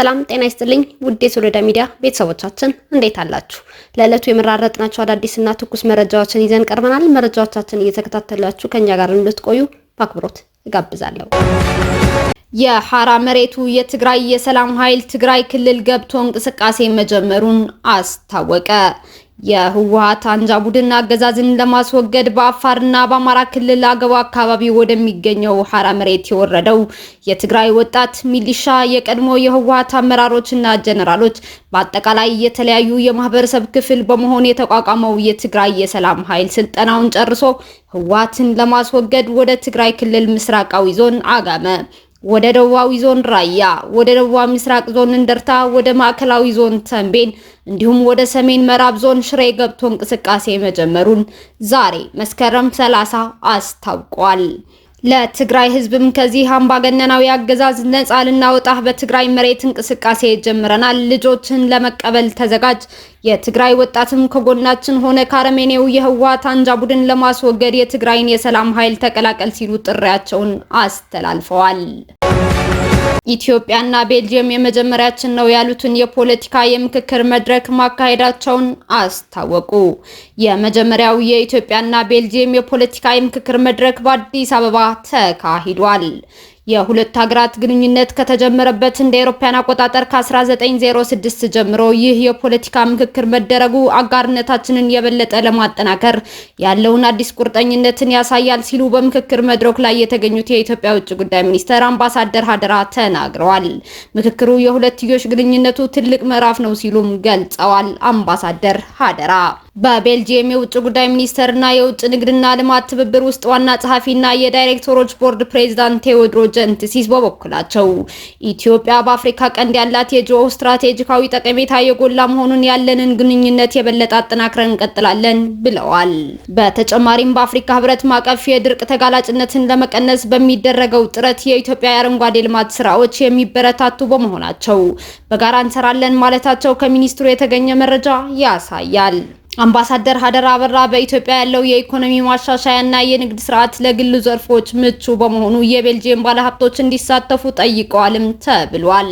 ሰላም ጤና ይስጥልኝ ውድ የሶሎዳ ሚዲያ ቤተሰቦቻችን እንዴት አላችሁ? ለዕለቱ የመራረጥናቸው አዳዲስና ትኩስ መረጃዎችን ይዘን ቀርበናል። መረጃዎቻችን እየተከታተላችሁ ከኛ ጋር እንድትቆዩ በአክብሮት እጋብዛለሁ። የሐራ መሬቱ የትግራይ የሰላም ኃይል ትግራይ ክልል ገብቶ እንቅስቃሴ መጀመሩን አስታወቀ። የህወሀት አንጃ ቡድን አገዛዝን ለማስወገድ በአፋርና በአማራ ክልል አገቡ አካባቢ ወደሚገኘው ሀራ መሬት የወረደው የትግራይ ወጣት ሚሊሻ የቀድሞ የህወሀት አመራሮችና ጀነራሎች በአጠቃላይ የተለያዩ የማህበረሰብ ክፍል በመሆን የተቋቋመው የትግራይ የሰላም ኃይል ስልጠናውን ጨርሶ ህወሀትን ለማስወገድ ወደ ትግራይ ክልል ምስራቃዊ ዞን አጋመ። ወደ ደቡባዊ ዞን ራያ፣ ወደ ደቡብ ምስራቅ ዞን እንደርታ፣ ወደ ማዕከላዊ ዞን ተንቤን እንዲሁም ወደ ሰሜን ምዕራብ ዞን ሽሬ ገብቶ እንቅስቃሴ መጀመሩን ዛሬ መስከረም 30 አስታውቋል። ለትግራይ ህዝብም ከዚህ አምባገነናዊ አገዛዝ ነጻ ልናወጣህ በትግራይ መሬት እንቅስቃሴ ጀምረናል፣ ልጆችን ለመቀበል ተዘጋጅ፣ የትግራይ ወጣትም ከጎናችን ሆነ፣ ከአረመኔው የህወሓት አንጃ ቡድን ለማስወገድ የትግራይን የሰላም ኃይል ተቀላቀል ሲሉ ጥሪያቸውን አስተላልፈዋል። ኢትዮጵያና ቤልጅየም የመጀመሪያችን ነው ያሉትን የፖለቲካ የምክክር መድረክ ማካሄዳቸውን አስታወቁ። የመጀመሪያው የኢትዮጵያና ቤልጅየም የፖለቲካ የምክክር መድረክ በአዲስ አበባ ተካሂዷል። የሁለቱ ሀገራት ግንኙነት ከተጀመረበት እንደ አውሮፓውያን አቆጣጠር ከ1906 ጀምሮ ይህ የፖለቲካ ምክክር መደረጉ አጋርነታችንን የበለጠ ለማጠናከር ያለውን አዲስ ቁርጠኝነትን ያሳያል ሲሉ በምክክር መድረክ ላይ የተገኙት የኢትዮጵያ ውጭ ጉዳይ ሚኒስትር አምባሳደር ሀደራ ተናግረዋል። ምክክሩ የሁለትዮሽ ግንኙነቱ ትልቅ ምዕራፍ ነው ሲሉም ገልጸዋል። አምባሳደር ሀደራ በቤልጂየም የውጭ ጉዳይ ሚኒስቴርና የውጭ ንግድና ልማት ትብብር ውስጥ ዋና ጸሐፊና የዳይሬክተሮች ቦርድ ፕሬዚዳንት ቴዎድሮ ጀንትሲስ በበኩላቸው ኢትዮጵያ በአፍሪካ ቀንድ ያላት የጂኦ ስትራቴጂካዊ ጠቀሜታ የጎላ መሆኑን ያለንን ግንኙነት የበለጠ አጠናክረን እንቀጥላለን ብለዋል። በተጨማሪም በአፍሪካ ህብረት ማዕቀፍ የድርቅ ተጋላጭነትን ለመቀነስ በሚደረገው ጥረት የኢትዮጵያ የአረንጓዴ ልማት ስራዎች የሚበረታቱ በመሆናቸው በጋራ እንሰራለን ማለታቸው ከሚኒስትሩ የተገኘ መረጃ ያሳያል። አምባሳደር ሀደራ አበራ በኢትዮጵያ ያለው የኢኮኖሚ ማሻሻያና የንግድ ስርዓት ለግሉ ዘርፎች ምቹ በመሆኑ የቤልጂየም ባለሀብቶች እንዲሳተፉ ጠይቀዋልም ተብሏል።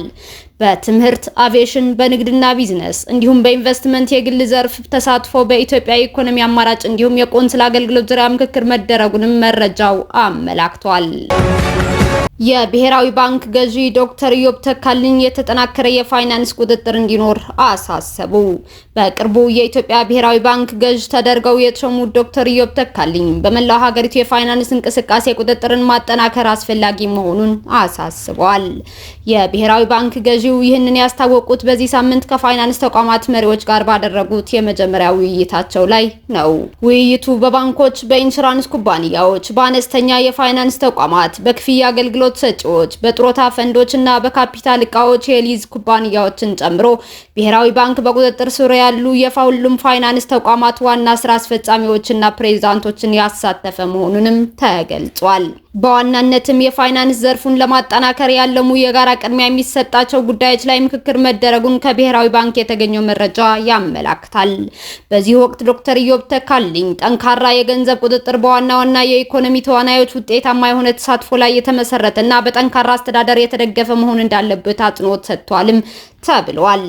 በትምህርት አቪዬሽን፣ በንግድና ቢዝነስ እንዲሁም በኢንቨስትመንት የግል ዘርፍ ተሳትፎ በኢትዮጵያ የኢኮኖሚ አማራጭ እንዲሁም የቆንስል አገልግሎት ዙሪያ ምክክር መደረጉንም መረጃው አመላክቷል። የብሔራዊ ባንክ ገዢ ዶክተር ኢዮብ ተካልኝ የተጠናከረ የፋይናንስ ቁጥጥር እንዲኖር አሳሰቡ። በቅርቡ የኢትዮጵያ ብሔራዊ ባንክ ገዢ ተደርገው የተሾሙት ዶክተር ኢዮብ ተካልኝ በመላው ሀገሪቱ የፋይናንስ እንቅስቃሴ ቁጥጥርን ማጠናከር አስፈላጊ መሆኑን አሳስበዋል። የብሔራዊ ባንክ ገዢው ይህንን ያስታወቁት በዚህ ሳምንት ከፋይናንስ ተቋማት መሪዎች ጋር ባደረጉት የመጀመሪያ ውይይታቸው ላይ ነው። ውይይቱ በባንኮች፣ በኢንሹራንስ ኩባንያዎች፣ በአነስተኛ የፋይናንስ ተቋማት፣ በክፍያ አገልግሎት አገልግሎት ሰጪዎች በጥሮታ ፈንዶች እና በካፒታል እቃዎች የሊዝ ኩባንያዎችን ጨምሮ ብሔራዊ ባንክ በቁጥጥር ስር ያሉ የሁሉም ፋይናንስ ተቋማት ዋና ስራ አስፈጻሚዎችና ፕሬዚዳንቶችን ያሳተፈ መሆኑንም ተገልጿል። በዋናነትም የፋይናንስ ዘርፉን ለማጠናከር ያለሙ የጋራ ቅድሚያ የሚሰጣቸው ጉዳዮች ላይ ምክክር መደረጉን ከብሔራዊ ባንክ የተገኘው መረጃ ያመላክታል። በዚህ ወቅት ዶክተር ኢዮብ ተካልኝ ጠንካራ የገንዘብ ቁጥጥር በዋና ዋና የኢኮኖሚ ተዋናዮች ውጤታማ የሆነ ተሳትፎ ላይ የተመሰረተ እና በጠንካራ አስተዳደር የተደገፈ መሆን እንዳለበት አጽንኦት ሰጥቷልም ተብሏል።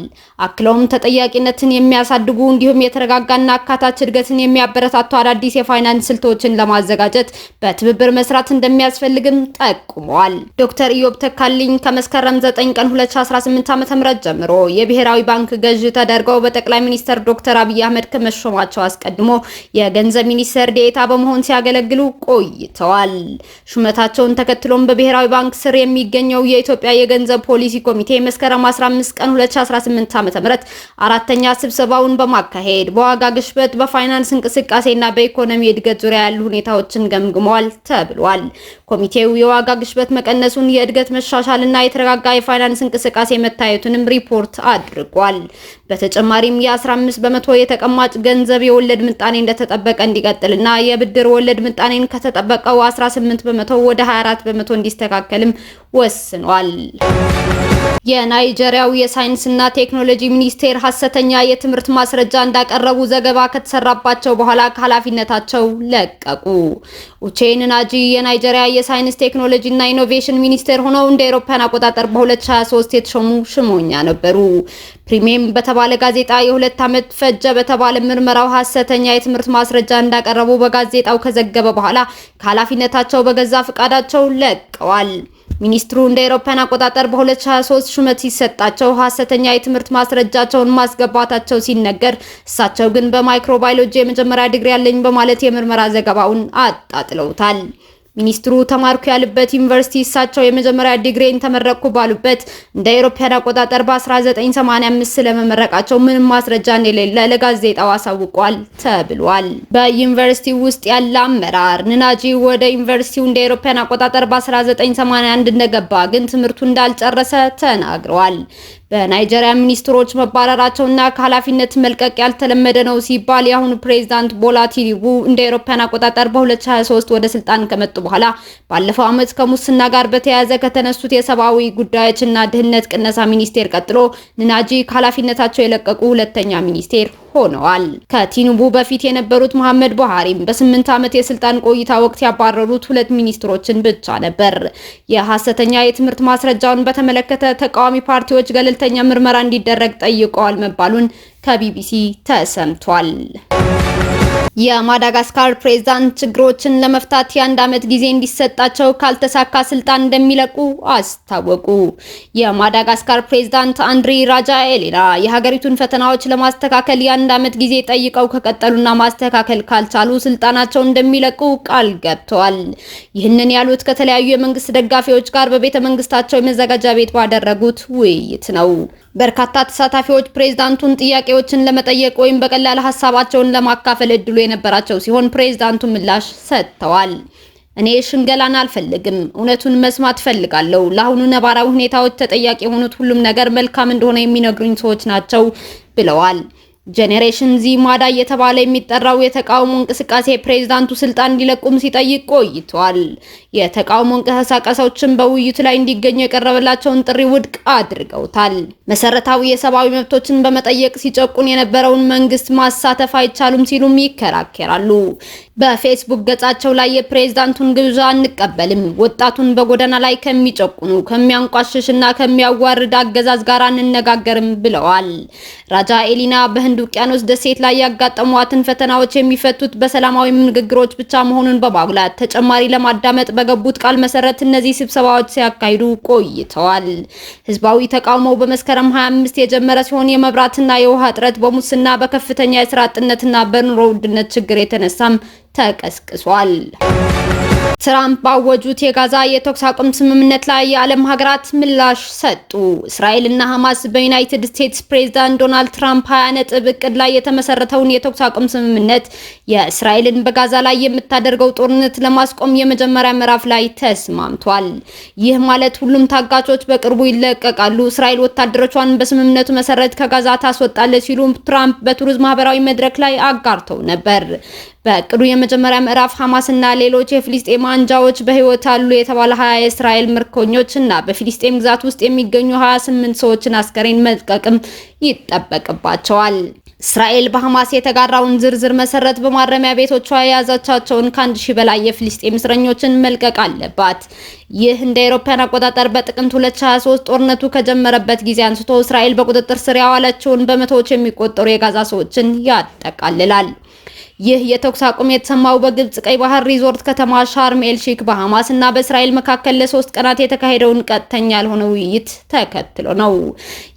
አክለውም ተጠያቂነትን የሚያሳድጉ እንዲሁም የተረጋጋና አካታች እድገትን የሚያበረታቱ አዳዲስ የፋይናንስ ስልቶችን ለማዘጋጀት በትብብር መስራት እንደሚ እንደሚያስፈልግም ጠቁመዋል። ዶክተር ኢዮብ ተካልኝ ከመስከረም 9 ቀን 2018 ዓ.ም ጀምሮ የብሔራዊ ባንክ ገዥ ተደርገው በጠቅላይ ሚኒስትር ዶክተር አብይ አህመድ ከመሾማቸው አስቀድሞ የገንዘብ ሚኒስትር ዴኤታ በመሆን ሲያገለግሉ ቆይተዋል። ሹመታቸውን ተከትሎም በብሔራዊ ባንክ ስር የሚገኘው የኢትዮጵያ የገንዘብ ፖሊሲ ኮሚቴ መስከረም 15 ቀን 2018 ዓ.ም አራተኛ ስብሰባውን በማካሄድ በዋጋ ግሽበት፣ በፋይናንስ እንቅስቃሴና በኢኮኖሚ እድገት ዙሪያ ያሉ ሁኔታዎችን ገምግመዋል ተብሏል። ኮሚቴው የዋጋ ግሽበት መቀነሱን፣ የእድገት እና የተረጋጋ የፋይናንስ እንቅስቃሴ መታየቱንም ሪፖርት አድርጓል። በተጨማሪም የ15 በመቶ የተቀማጭ ገንዘብ የወለድ ምጣኔ እንደተጠበቀ እንዲቀጥልና የብድር ወለድ ምጣኔን ከተጠበቀው 18 በመቶ ወደ 24 በመቶ እንዲስተካከልም ወስኗል። የናይጄሪያው የሳይንስና ቴክኖሎጂ ሚኒስቴር ሀሰተኛ የትምህርት ማስረጃ እንዳቀረቡ ዘገባ ከተሰራባቸው በኋላ ከኃላፊነታቸው ለቀቁ። ኡቼን ናጂ የናይጄሪያ ናይጄሪያ የሳይንስ ቴክኖሎጂ እና ኢኖቬሽን ሚኒስቴር ሆነው እንደ አውሮፓውያን አቆጣጠር በ2023 የተሾሙ ሽሞኛ ነበሩ። ፕሪሚየም በተባለ ጋዜጣ የሁለት ዓመት ፈጀ በተባለ ምርመራው ሀሰተኛ የትምህርት ማስረጃ እንዳቀረቡ በጋዜጣው ከዘገበ በኋላ ከኃላፊነታቸው በገዛ ፈቃዳቸው ለቀዋል። ሚኒስትሩ እንደ አውሮፓውያን አቆጣጠር በ2023 ሹመት ሲሰጣቸው ሀሰተኛ የትምህርት ማስረጃቸውን ማስገባታቸው ሲነገር፣ እሳቸው ግን በማይክሮባዮሎጂ የመጀመሪያ ዲግሪ ያለኝ በማለት የምርመራ ዘገባውን አጣጥለውታል። ሚኒስትሩ ተማርኩ ያሉበት ዩኒቨርሲቲ እሳቸው የመጀመሪያ ዲግሪን ተመረቅኩ ባሉበት እንደ አውሮፓውያን አቆጣጠር በ1985 ስለመመረቃቸው ምንም ማስረጃ እንደሌለ ለጋዜጣው አሳውቋል ተብሏል። በዩኒቨርሲቲ ውስጥ ያለ አመራር ንናጂ ወደ ዩኒቨርሲቲው እንደ አውሮፓውያን አቆጣጠር በ1981 እንደገባ ግን ትምህርቱ እንዳልጨረሰ ተናግረዋል። በናይጄሪያ ሚኒስትሮች መባረራቸውና ከኃላፊነት መልቀቅ ያልተለመደ ነው ሲባል የአሁኑ ፕሬዚዳንት ቦላ ቲኑቡ እንደ አውሮፓውያን አቆጣጠር በ2023 ወደ ስልጣን ከመጡ በኋላ ባለፈው ዓመት ከሙስና ጋር በተያያዘ ከተነሱት የሰብአዊ ጉዳዮችና ድህነት ቅነሳ ሚኒስቴር ቀጥሎ ንናጂ ከኃላፊነታቸው የለቀቁ ሁለተኛ ሚኒስቴር ሆነዋል። ከቲኑቡ በፊት የነበሩት መሐመድ ቡሃሪም በስምንት ዓመት የስልጣን ቆይታ ወቅት ያባረሩት ሁለት ሚኒስትሮችን ብቻ ነበር። የሐሰተኛ የትምህርት ማስረጃውን በተመለከተ ተቃዋሚ ፓርቲዎች ገለልተኛ ምርመራ እንዲደረግ ጠይቀዋል መባሉን ከቢቢሲ ተሰምቷል። የማዳጋስካር ፕሬዝዳንት ችግሮችን ለመፍታት የአንድ ዓመት ጊዜ እንዲሰጣቸው ካልተሳካ ስልጣን እንደሚለቁ አስታወቁ። የማዳጋስካር ፕሬዝዳንት አንድሪ ራጃ ኤሌና የሀገሪቱን ፈተናዎች ለማስተካከል የአንድ ዓመት ጊዜ ጠይቀው ከቀጠሉና ማስተካከል ካልቻሉ ስልጣናቸው እንደሚለቁ ቃል ገብተዋል። ይህንን ያሉት ከተለያዩ የመንግስት ደጋፊዎች ጋር በቤተ መንግስታቸው የመዘጋጃ ቤት ባደረጉት ውይይት ነው። በርካታ ተሳታፊዎች ፕሬዝዳንቱን ጥያቄዎችን ለመጠየቅ ወይም በቀላል ሀሳባቸውን ለማካፈል እድሉ የነበራቸው ሲሆን ፕሬዝዳንቱ ምላሽ ሰጥተዋል። እኔ ሽንገላን አልፈልግም፣ እውነቱን መስማት ፈልጋለሁ ለአሁኑ ነባራዊ ሁኔታዎች ተጠያቂ የሆኑት ሁሉም ነገር መልካም እንደሆነ የሚነግሩኝ ሰዎች ናቸው ብለዋል። ጄኔሬሽን ዚ ማዳ እየተባለ የሚጠራው የተቃውሞ እንቅስቃሴ ፕሬዝዳንቱ ስልጣን እንዲለቁም ሲጠይቅ ቆይቷል። የተቃውሞ እንቅስቃሴዎችን በውይይቱ ላይ እንዲገኙ የቀረበላቸውን ጥሪ ውድቅ አድርገውታል። መሰረታዊ የሰብአዊ መብቶችን በመጠየቅ ሲጨቁን የነበረውን መንግስት ማሳተፍ አይቻሉም ሲሉም ይከራከራሉ። በፌስቡክ ገጻቸው ላይ የፕሬዝዳንቱን ግብዣ አንቀበልም፣ ወጣቱን በጎዳና ላይ ከሚጨቁኑ ከሚያንቋሽሽ እና ከሚያዋርድ አገዛዝ ጋር አንነጋገርም ብለዋል። ራጃ ኤሊና በህንድ ህንድ ውቅያኖስ ደሴት ላይ ያጋጠሟትን ፈተናዎች የሚፈቱት በሰላማዊ ንግግሮች ብቻ መሆኑን በማጉላት ተጨማሪ ለማዳመጥ በገቡት ቃል መሰረት እነዚህ ስብሰባዎች ሲያካሂዱ ቆይተዋል። ህዝባዊ ተቃውሞው በመስከረም 25 የጀመረ ሲሆን የመብራትና የውሃ እጥረት በሙስና በከፍተኛ የስራ አጥነትና በኑሮ ውድነት ችግር የተነሳም ተቀስቅሷል። ትራምፕ ባወጁት የጋዛ የተኩስ አቁም ስምምነት ላይ የዓለም ሀገራት ምላሽ ሰጡ። እስራኤልና ሐማስ በዩናይትድ ስቴትስ ፕሬዝዳንት ዶናልድ ትራምፕ ሀያ ነጥብ እቅድ ላይ የተመሰረተውን የተኩስ አቁም ስምምነት የእስራኤልን በጋዛ ላይ የምታደርገው ጦርነት ለማስቆም የመጀመሪያ ምዕራፍ ላይ ተስማምቷል። ይህ ማለት ሁሉም ታጋቾች በቅርቡ ይለቀቃሉ፣ እስራኤል ወታደሮቿን በስምምነቱ መሰረት ከጋዛ ታስወጣለች ሲሉ ትራምፕ በቱሪዝም ማህበራዊ መድረክ ላይ አጋርተው ነበር። በእቅዱ የመጀመሪያ ምዕራፍ ሐማስና ሌሎች የፊሊስጤም አንጃዎች በህይወት አሉ የተባለ 20 የእስራኤል ምርኮኞች እና በፊሊስጤም ግዛት ውስጥ የሚገኙ 28 ሰዎችን አስከሬን መልቀቅም ይጠበቅባቸዋል። እስራኤል በሐማስ የተጋራውን ዝርዝር መሰረት በማረሚያ ቤቶቿ የያዛቻቸውን ከአንድ ሺህ በላይ የፊሊስጤም እስረኞችን መልቀቅ አለባት። ይህ እንደ አውሮፓውያን አቆጣጠር በጥቅምት 2023 ጦርነቱ ከጀመረበት ጊዜ አንስቶ እስራኤል በቁጥጥር ስር ያዋለችውን በመቶዎች የሚቆጠሩ የጋዛ ሰዎችን ያጠቃልላል። ይህ የተኩስ አቁም የተሰማው በግብጽ ቀይ ባህር ሪዞርት ከተማ ሻርም ኤል ሼክ በሐማስ እና በእስራኤል መካከል ለሶስት ቀናት የተካሄደውን ቀጥተኛ ያልሆነ ውይይት ተከትሎ ነው።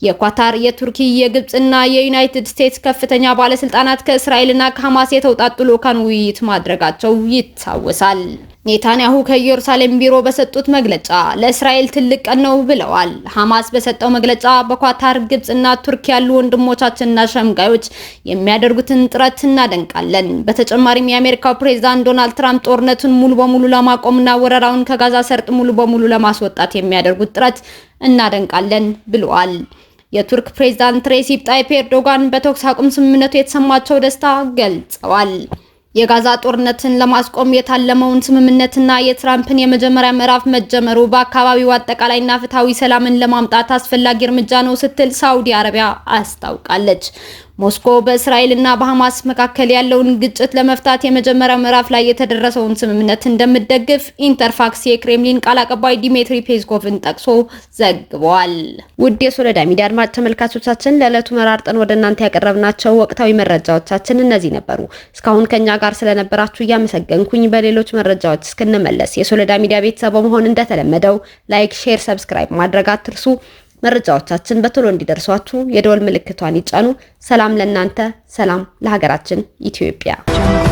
የኳታር፣ የቱርኪ፣ የግብጽና የዩናይትድ ስቴትስ ከፍተኛ ባለስልጣናት ከእስራኤልና ከሐማስ የተውጣጡ ልኡካን ውይይት ማድረጋቸው ይታወሳል። ኔታንያሁ ከኢየሩሳሌም ቢሮ በሰጡት መግለጫ ለእስራኤል ትልቅ ቀን ነው ብለዋል። ሐማስ በሰጠው መግለጫ በኳታር ግብጽና ቱርክ ያሉ ወንድሞቻችንና ሸምጋዮች የሚያደርጉትን ጥረት እናደንቃለን። በተጨማሪም የአሜሪካው ፕሬዝዳንት ዶናልድ ትራምፕ ጦርነቱን ሙሉ በሙሉ ለማቆምና ወረራውን ከጋዛ ሰርጥ ሙሉ በሙሉ ለማስወጣት የሚያደርጉት ጥረት እናደንቃለን ብለዋል። የቱርክ ፕሬዝዳንት ሬሲፕ ጣይፕ ኤርዶጋን በተኩስ አቁም ስምምነቱ የተሰማቸው ደስታ ገልጸዋል። የጋዛ ጦርነትን ለማስቆም የታለመውን ስምምነትና የትራምፕን የመጀመሪያ ምዕራፍ መጀመሩ በአካባቢው አጠቃላይና ፍትሐዊ ሰላምን ለማምጣት አስፈላጊ እርምጃ ነው ስትል ሳውዲ አረቢያ አስታውቃለች። ሞስኮ በእስራኤልና በሐማስ መካከል ያለውን ግጭት ለመፍታት የመጀመሪያ ምዕራፍ ላይ የተደረሰውን ስምምነት እንደምትደግፍ ኢንተርፋክስ የክሬምሊን ቃል አቀባይ ዲሚትሪ ፔስኮቭን ጠቅሶ ዘግቧል። ውድ የሶለዳ ሚዲያ አድማጭ ተመልካቾቻችን ለዕለቱ መራርጠን ወደ እናንተ ያቀረብናቸው ወቅታዊ መረጃዎቻችን እነዚህ ነበሩ። እስካሁን ከኛ ጋር ስለነበራችሁ እያመሰገንኩኝ በሌሎች መረጃዎች እስክንመለስ የሶለዳ ሚዲያ ቤተሰብ መሆን እንደተለመደው ላይክ፣ ሼር፣ ሰብስክራይብ ማድረግ አትርሱ። መረጃዎቻችን በቶሎ እንዲደርሷችሁ የደወል ምልክቷን ይጫኑ። ሰላም ለእናንተ፣ ሰላም ለሀገራችን ኢትዮጵያ።